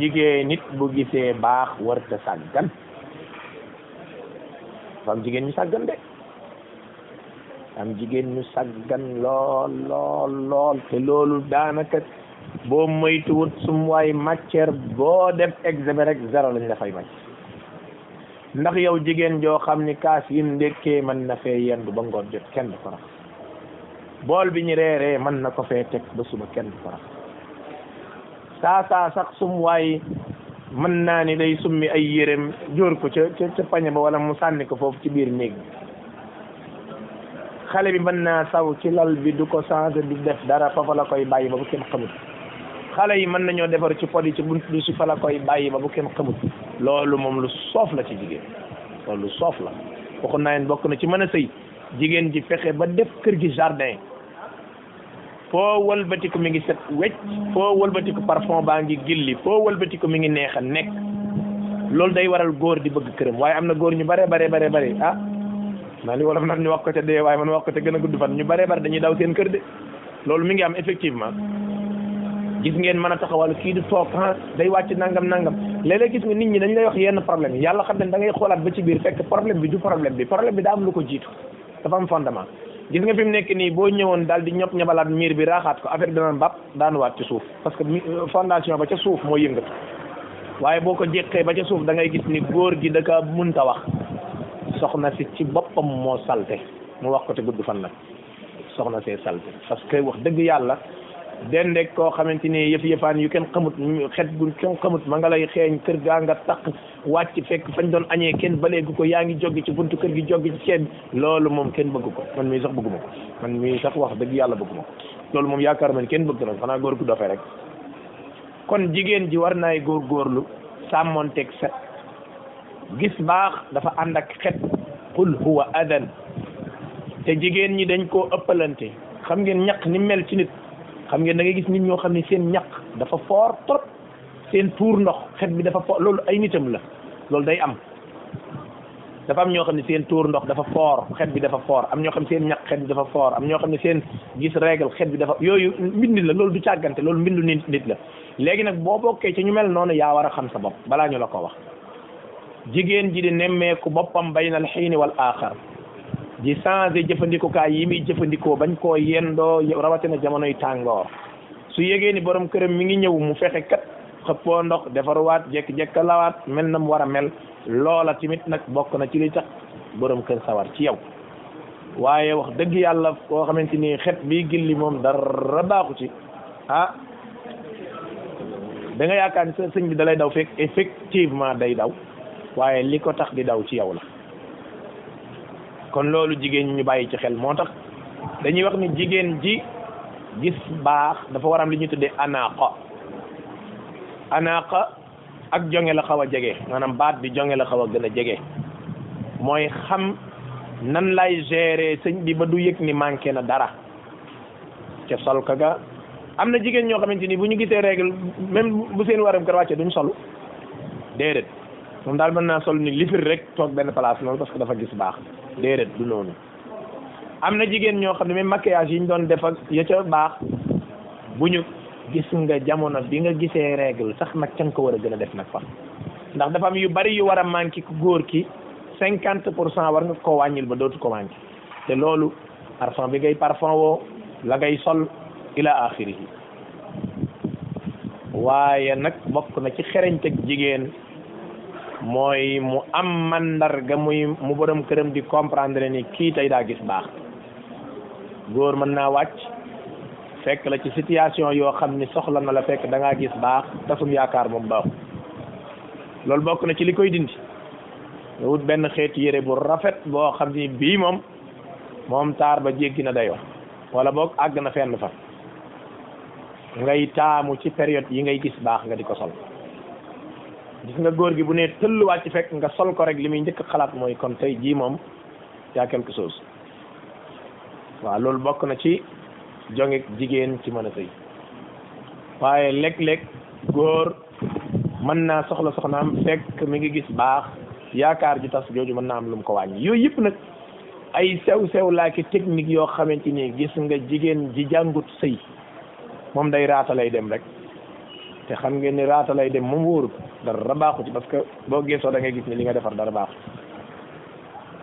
jigéen nit bu gisee baax warta sàggan am jigéen ñu sàggan de am jigéen ñu sàggan lool lool te loolu daanaka boo moytuwut sum waay matière boo dem examen rek zéro lañ dafay may ndax yow jigéen joo xam ni kaas yi ndekkee mën na fee yendu ba ngoon jot kenn du ko rax bool bi ñu reeree mën na ko fee teg ba suba kenn ko rax saa saa sax sum mën naa ni day summi ay yérem jóor ko ca ca pañe ba wala mu sànni ko foofu ci biir néeg bi xale bi mën naa saw ci lal bi du ko changé du def dara foofa la koy bàyyi ba bu kenn xamut xale yi mën nañoo defar ci pod yi ci bunt du si fa la koy bàyyi ba bu kenn xamut loolu moom lu soof la ci jigéen loolu soof la waxu naa leen bokk na ci mën a sëy jigéen ji fexe ba def kër gi jardin foo wëlbatiku mi ngi set wecc foo wëlbatiku parfum baa ngi gilli foo wëlbatiku mi ngi neex a nekk loolu day waral góor di bëgg këram waaye am na góor ñu bare bare bare bare ah naa ni nag ñu wax ko ca dee waaye man wax ko ca gën a gudd fan ñu bare bare dañuy daw seen kër de loolu mi ngi am effectivement gis ngeen mën a taxawal kii du toog ah day wàcc nangam nangam léeg-léeg gis nga nit ñi dañu lay wax yenn problème yi yàlla xam ne da ngay xoolaat ba ci biir fekk bi du problème bi problème bi daa lu ko jiitu dafa am fondement gis nga fi mu nekk nii boo ñëwoon daal di ñop ñabalaat miir bi raaxaat ko affaire dana bàpp daanuwaat ci suuf parce que euh, fondation ba ca suuf moo yëngatu waaye boo ko jeqee ba ca suuf da ngay gis ni góor gi da kaa munta wax soxna si ci boppam moo salte mu wax ko te gudd fan nag soxna see salte parce que wax dëgg yàlla dendeg koo xamante ni yëf yëfaan yu kenn xamut xet gu kenn xamut ma nga lay xeeñ kër gaa nga taq wàcc fekk fañ doon añee kenn baleegu ko yaa ngi joggi ci buntu kër gi joggi ci kenn loolu moom kenn bëgg ko man mii sax bëgguma ko man mii sax wax dëgg yàlla bëgguma ko loolu moom yaakaar man kenn bëgg na xanaa góor ku dofee rek kon jigéen ji war naay góor góorlu góorgóorlu teg set gis baax dafa ànd ak xet qul huwa adan te jigéen ñi dañ koo ëppalante xam ngeen ñaq ni mel ci nit xam ngeen da ngay gis nit ñoo xam ne seen ñaq dafa fort trop seen tuur ndox xet bi dafa fort loolu ay nitam la loolu day am dafa am ñoo xam ne seen tuur ndox dafa fort xet bi dafa fort am ñoo xam seen ñaq xet bi dafa foor am ñoo xam ne seen gis règle xet bi dafa yooyu mbind la loolu du càggante loolu mbindu nit nit la léegi nag boo bokkee ci ñu mel noonu yaa war a xam sa bopp balaa ñu la ko wax jigéen ji di nemmeeku boppam baynal xiini wal aaxar di changé jëfandikukaay yi muy jëfandikoo bañ koo yendoo rawatina jamonoy tàngoor su yégee ni borom këram mi ngi ñëw mu fexe kat xëppoo ndox defaruwaat jekk-jekka lawaat mel na mu war a mel loola timit nag bokk na ci li tax borom kër sawar ci yow waaye wax dëgg yàlla koo xamante ni xet bi gilli moom dara baaxu ci ah da yaakaar ni sa sëñ bi dalay daw fekk effectivement day daw waaye li ko tax di daw ci yow la kon loolu jigéen ñu bàyyi ci xel moo tax dañuy wax ni jigéen ji gis baax dafa waram li ñuy tuddee anaaqa anaaqa ak jonge la xaw a jege maanaam baat bi jonge la xaw a gën a jege mooy xam nan lay gérer sëñ bi ba du yëg ni manqué na dara ca sol ka ga am na jigéen ñoo xamante ni bu ñu gisee règle même bu seen waram kër wàcce duñ solu déedéet moom daal mën naa sol ni lifir rek toog benn place noonu parce que dafa gis baax déedéet du noonu am na jigéen ñoo xam ne même maquillage yi ñu doon defal ak ya ca baax bu ñu gis nga jamono bi nga gisee règle sax nag ca nga ko war a gën def nag fa ndax dafa am yu bari yu war a manqué ku góor ki cinquante pour cent war nga ko wàññil ba dootu ko manqué te loolu parfum bi ngay parfum woo la ngay sol ila axiri waaye nag bokk na ci xereñteg jigéen mooy mu am mandarga muy mu borom këram di comprendre ni kii tey daa gis baax góor mën naa wàcc fekk la ci situation yoo xam ni soxla na la fekk dangaa gis baax tasum yaakaar moom baaxu loolu bokk na ci li koy dindi nga wut benn xeet yére bu rafet boo xam ni bii moom moom taar ba jéggi na dayo wala boog àgg na fenn fa ngay taamu ci période yi ngay gis baax nga di ko sol gis nga góor gi bu ne tëll wàcc fekk nga sol ko rek li muy njëkk xalaat mooy kon tey jii moom yaa quelque chose waaw loolu bokk na ci jonge jigéen ci mën a sëy waaye léeg-léeg góor mën naa soxla soxnaam fekk mi ngi gis baax yaakaar ju tas jooju mën naa am lu mu ko wàññi yooyu yëpp nag ay sew sew laa ki technique yoo xamante ni gis nga jigéen ji jàngut sëy moom day raata lay dem rek te xam ngeen ni raata lay dem moom wóoru dara baaxu ci parce que boo geesoo da ngay gis ne li nga defar dara baaxu